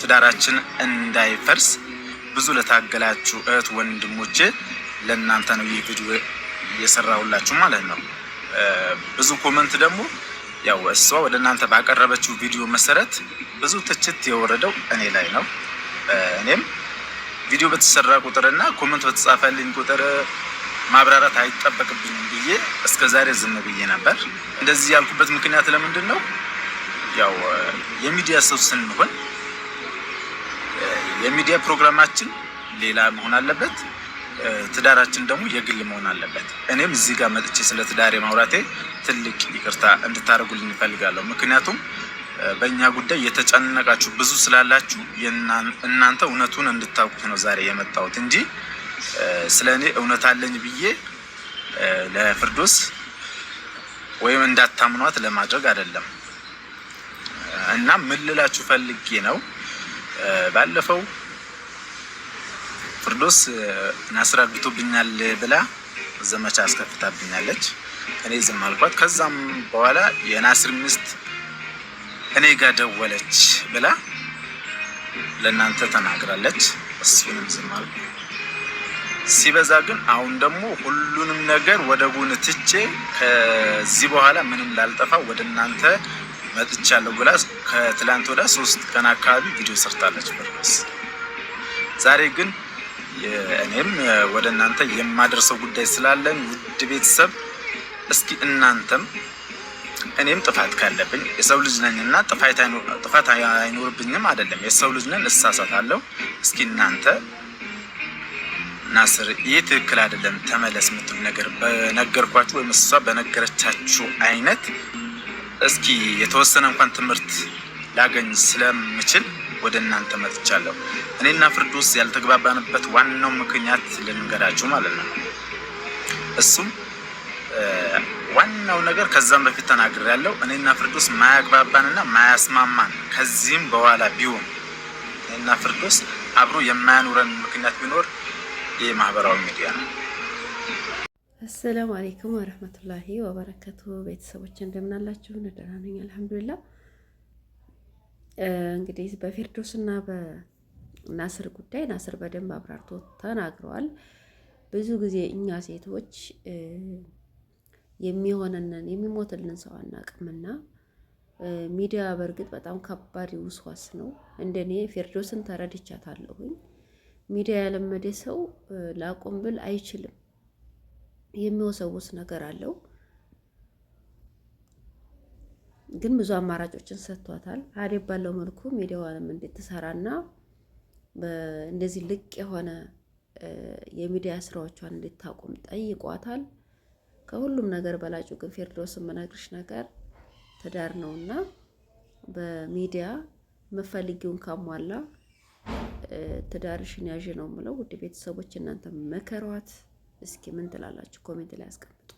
ትዳራችን እንዳይፈርስ ብዙ ለታገላችሁ እህት ወንድሞቼ ለእናንተ ነው ይህ ቪዲዮ እየሰራሁላችሁ ማለት ነው። ብዙ ኮመንት ደግሞ ያው እሷ ወደ እናንተ ባቀረበችው ቪዲዮ መሰረት ብዙ ትችት የወረደው እኔ ላይ ነው። እኔም ቪዲዮ በተሰራ ቁጥርና ኮመንት በተጻፈልኝ ቁጥር ማብራራት አይጠበቅብኝም ብዬ እስከ ዛሬ ዝም ብዬ ነበር። እንደዚህ ያልኩበት ምክንያት ለምንድን ነው? ያው የሚዲያ ሰው ስንሆን የሚዲያ ፕሮግራማችን ሌላ መሆን አለበት። ትዳራችን ደግሞ የግል መሆን አለበት። እኔም እዚህ ጋር መጥቼ ስለ ትዳሬ ማውራቴ ትልቅ ይቅርታ እንድታደርጉልኝ እፈልጋለሁ። ምክንያቱም በእኛ ጉዳይ የተጨነቃችሁ ብዙ ስላላችሁ እናንተ እውነቱን እንድታውቁት ነው ዛሬ የመጣሁት እንጂ ስለ እኔ እውነት አለኝ ብዬ ለፍርዶስ ወይም እንዳታምኗት ለማድረግ አይደለም። እና ምን ልላችሁ ፈልጌ ነው ባለፈው ፍርዶስ ናስር አግብቶብኛል ብላ ዘመቻ አስከፍታብኛለች። እኔ ዝም አልኳት። ከዛም በኋላ የናስር ሚስት እኔ ጋር ደወለች ብላ ለእናንተ ተናግራለች። እሱንም ዝም አልኩ። ሲበዛ ግን አሁን ደግሞ ሁሉንም ነገር ወደ ጎን ትቼ ከዚህ በኋላ ምንም ላልጠፋ ወደ እናንተ መጥቻለሁ ብላ ከትላንት ወዳ ሶስት ቀን አካባቢ ቪዲዮ ሰርታለች። ዛሬ ግን እኔም ወደ እናንተ የማደርሰው ጉዳይ ስላለን ውድ ቤተሰብ እስኪ እናንተም እኔም ጥፋት ካለብኝ የሰው ልጅ ነኝ እና ጥፋት አይኖርብኝም አይደለም፣ የሰው ልጅ ነን እሳሳታለሁ። እስኪ እናንተ ናስር ይህ ትክክል አይደለም ተመለስ የምትሉ ነገር በነገርኳችሁ ወይም እሷ በነገረቻችሁ አይነት እስኪ የተወሰነ እንኳን ትምህርት ላገኝ ስለምችል ወደ እናንተ መጥቻለሁ። እኔና ፍርዶስ ያልተግባባንበት ዋናው ምክንያት ልንገራችሁ ማለት ነው። እሱም ዋናው ነገር ከዛም በፊት ያለው እኔና ፍርዶስ ማያግባባንና ማያስማማን ከዚህም በኋላ ቢሆን እኔና ፍርዶስ አብሮ የማያኖረን ምክንያት ቢኖር ይህ ማህበራዊ ሚዲያ ነው። አሰላሙ አሌይኩም ወረህመቱላሂ ወበረከቱ። ቤተሰቦች እንደምናላችሁ ደህና ነኝ፣ አልሐምዱሊላህ እንግዲህ በፊርዶስና በናስር ጉዳይ ናስር በደንብ አብራርቶ ተናግረዋል። ብዙ ጊዜ እኛ ሴቶች የሚሆነንን የሚሞትልን ሰው አናቅምና ሚዲያ በእርግጥ በጣም ከባድ ውስዋስ ነው። እንደኔ ፊርዶስን ተረድቻታለሁኝ። ሚዲያ ያለመደ ሰው ላቁም ብል አይችልም። የሚወሰውስ ነገር አለው። ግን ብዙ አማራጮችን ሰጥቷታል። አዴ ባለው መልኩ ሚዲያዋንም እንድትሰራና እንደዚህ ልቅ የሆነ የሚዲያ ስራዎቿን እንድታቆም ጠይቋታል። ከሁሉም ነገር በላጩ ግን ፌርዶስ የምነግርሽ ነገር ትዳር ነውና በሚዲያ መፈልጊውን ካሟላ ትዳርሽን ያዥ ነው የምለው። ውድ ቤተሰቦች እናንተ መከሯት። እስኪ ምን ትላላችሁ? ኮሜንት ላይ አስቀምጡ።